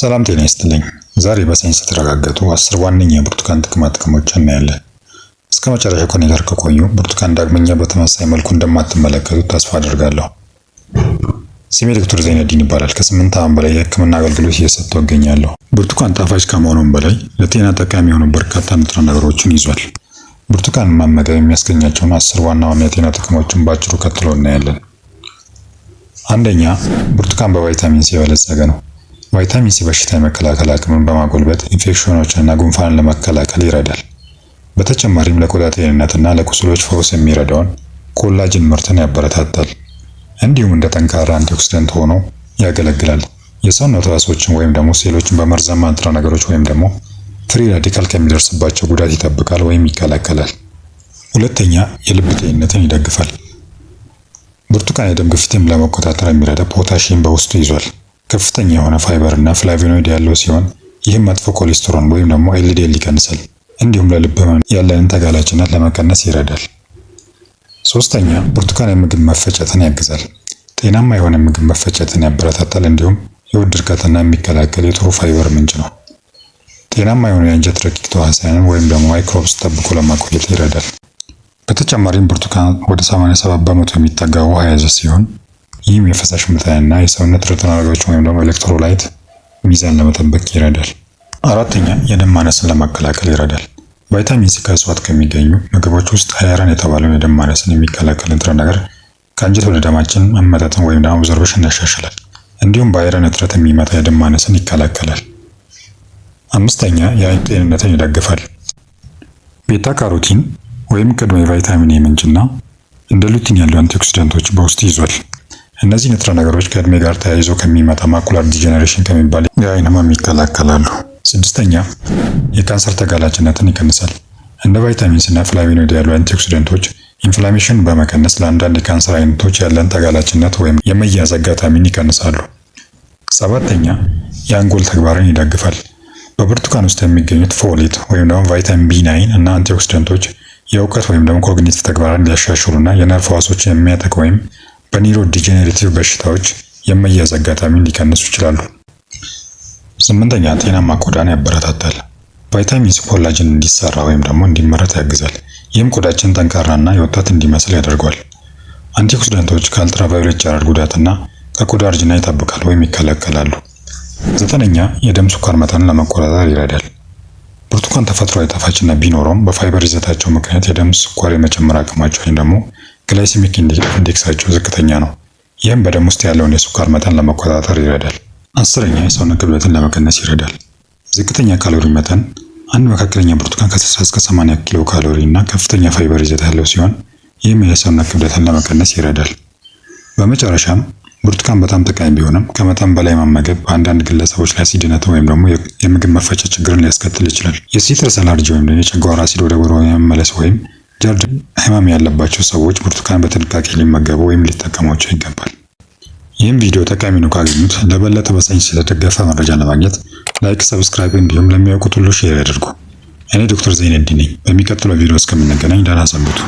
ሰላም ጤና ይስጥልኝ። ዛሬ በሳይንስ የተረጋገጡ አስር ዋነኛ የብርቱካን ጥቅማ ጥቅሞች እናያለን። እስከ መጨረሻ ከኔ ጋር ከቆዩ ብርቱካን ዳግመኛ በተመሳሳይ መልኩ እንደማትመለከቱ ተስፋ አድርጋለሁ። ስሜ ዶክተር ዘይነዲን ይባላል። ከስምንት ዓመት በላይ የሕክምና አገልግሎት እየሰጠሁ እገኛለሁ። ብርቱካን ጣፋጭ ከመሆኑም በላይ ለጤና ጠቃሚ የሆኑ በርካታ ንጥረ ነገሮችን ይዟል። ብርቱካን መመገብ የሚያስገኛቸውን አስር ዋና ዋና የጤና ጥቅሞችን በአጭሩ ቀጥሎ እናያለን። አንደኛ ብርቱካን በቫይታሚን ሲ የበለጸገ ነው። ቫይታሚን ሲ በሽታ የመከላከል አቅምን በማጎልበት ኢንፌክሽኖችንና ጉንፋንን ለመከላከል ይረዳል። በተጨማሪም ለቆዳ ጤንነትና ለቁስሎች ፈውስ የሚረዳውን ኮላጅን ምርትን ያበረታታል። እንዲሁም እንደ ጠንካራ አንቲኦክሲደንት ሆኖ ያገለግላል። የሰውነት ራሶችን ወይም ደግሞ ሴሎችን በመርዛማ ንጥረ ነገሮች ወይም ደግሞ ፍሪ ራዲካል ከሚደርስባቸው ጉዳት ይጠብቃል ወይም ይከላከላል። ሁለተኛ፣ የልብ ጤንነትን ይደግፋል። ብርቱካን የደም ግፊትን ለመቆጣጠር የሚረዳ ፖታሽም በውስጡ ይዟል። ከፍተኛ የሆነ ፋይበር እና ፍላቮኖይድ ያለው ሲሆን ይህም መጥፎ ኮሌስትሮል ወይም ደግሞ ኤልዲኤል ይቀንሳል። እንዲሁም ለልብ ህመም ያለንን ተጋላጭነት ለመቀነስ ይረዳል። ሶስተኛ ብርቱካን የምግብ መፈጨትን ያግዛል። ጤናማ የሆነ ምግብ መፈጨትን ያበረታታል እንዲሁም የውድ ድርቀትና የሚከላከል የጥሩ ፋይበር ምንጭ ነው። ጤናማ የሆነ የአንጀት ረቂቅ ተዋሳያንን ወይም ደግሞ ማይክሮብስ ጠብቆ ለማቆየት ይረዳል። በተጨማሪም ብርቱካን ወደ 87 በመቶ የሚጠጋ ውሃ የያዘ ሲሆን ይህም የፈሳሽ መጠንና የሰውነት ርጥብ ነገሮችን ወይም ደግሞ ኤሌክትሮላይት ሚዛን ለመጠበቅ ይረዳል። አራተኛ የደም ማነስን ለማከላከል ይረዳል። ቫይታሚን ሲ ከእጽዋት ከሚገኙ ምግቦች ውስጥ አይረን የተባለው የደም ማነስን የሚከላከል ንጥረ ነገር ከአንጀት ወደ ደማችን መመጠጥን ወይም ደግሞ አብዞርብሽን ያሻሽላል። እንዲሁም በአይረን እጥረት የሚመጣ የደም ማነስን ይከላከላል። አምስተኛ የአይን ጤንነትን ይደግፋል። ቤታ ካሮቲን ወይም ቅድመ የቫይታሚን ኤ ምንጭና እንደ ሉቲን ያሉ አንቲኦክሲደንቶች በውስጥ ይዟል። እነዚህ ንጥረ ነገሮች ከእድሜ ጋር ተያይዞ ከሚመጣ ማኩላር ዲጀነሬሽን ከሚባል የአይን ህመም ይከላከላሉ። ስድስተኛ የካንሰር ተጋላጭነትን ይቀንሳል። እንደ ቫይታሚንስ እና ፍላቪኖድ ያሉ አንቲኦክሲደንቶች ኢንፍላሜሽን በመቀነስ ለአንዳንድ የካንሰር አይነቶች ያለን ተጋላጭነት ወይም የመያዝ አጋጣሚን ይቀንሳሉ። ሰባተኛ የአንጎል ተግባርን ይደግፋል። በብርቱካን ውስጥ የሚገኙት ፎሊት ወይም ደግሞ ቫይታሚን ቢ ናይን እና አንቲኦክሲደንቶች የእውቀት ወይም ደግሞ ኮግኒቲቭ ተግባርን ሊያሻሽሉና የነርቭ ሕዋሶችን የሚያጠቅ ወይም በኒሮ ዲጀኔሬቲቭ በሽታዎች የመያዝ አጋጣሚን ሊቀንሱ ይችላሉ። ስምንተኛ ጤናማ ቆዳን ያበረታታል። ቫይታሚን ሲ ኮላጅን እንዲሰራ ወይም ደግሞ እንዲመረት ያግዛል። ይህም ቆዳችን ጠንካራና የወጣት እንዲመስል ያደርገዋል። አንቲኦክሲዳንቶች ከአልትራቫዮሌት ጨረር ጉዳትና ከቆዳ እርጅና ይጠብቃል ወይም ይከለከላሉ። ዘጠነኛ የደም ስኳር መጠንን ለመቆጣጠር ይረዳል። ብርቱካን ተፈጥሯዊ ጣፋጭነት ቢኖረውም በፋይበር ይዘታቸው ምክንያት የደም ስኳር የመጨመር አቅማቸው ወይም ደግሞ ግላይሲሚክ ኢንዴክሳቸው ዝቅተኛ ነው። ይህም በደም ውስጥ ያለውን የስኳር መጠን ለመቆጣጠር ይረዳል። አስረኛ የሰውነት ክብደትን ለመቀነስ ይረዳል። ዝቅተኛ ካሎሪ መጠን አንድ መካከለኛ ብርቱካን ከ60 እስከ 80 ኪሎ ካሎሪ እና ከፍተኛ ፋይበር ይዘት ያለው ሲሆን ይህም የሰውነት ክብደትን ለመቀነስ ይረዳል። በመጨረሻም ብርቱካን በጣም ጠቃሚ ቢሆንም ከመጠን በላይ መመገብ በአንዳንድ ግለሰቦች ላይ አሲድነት ወይም ደግሞ የምግብ መፈጨት ችግርን ሊያስከትል ይችላል። የሲትረስ አለርጂ ወይም ደግሞ የጨጓራ አሲድ ወደ ጉሮሮ የመመለስ ወይም ጃርድ ህመም ያለባቸው ሰዎች ብርቱካን በጥንቃቄ ሊመገቡ ወይም ሊጠቀሟቸው ይገባል። ይህም ቪዲዮ ጠቃሚ ነው ካገኙት ለበለጠ በሳይንስ የተደገፈ መረጃ ለማግኘት ላይክ፣ ሰብስክራይብ እንዲሁም ለሚያውቁት ሁሉ ሼር ያደርጉ። እኔ ዶክተር ዘይነዲ ነኝ። በሚቀጥለው ቪዲዮ እስከምንገናኝ ደህና ሰንብቱ።